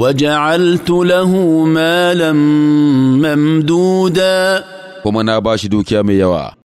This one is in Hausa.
وجعلت له مالا ممدودا ومنا باشي دوكيا ميوا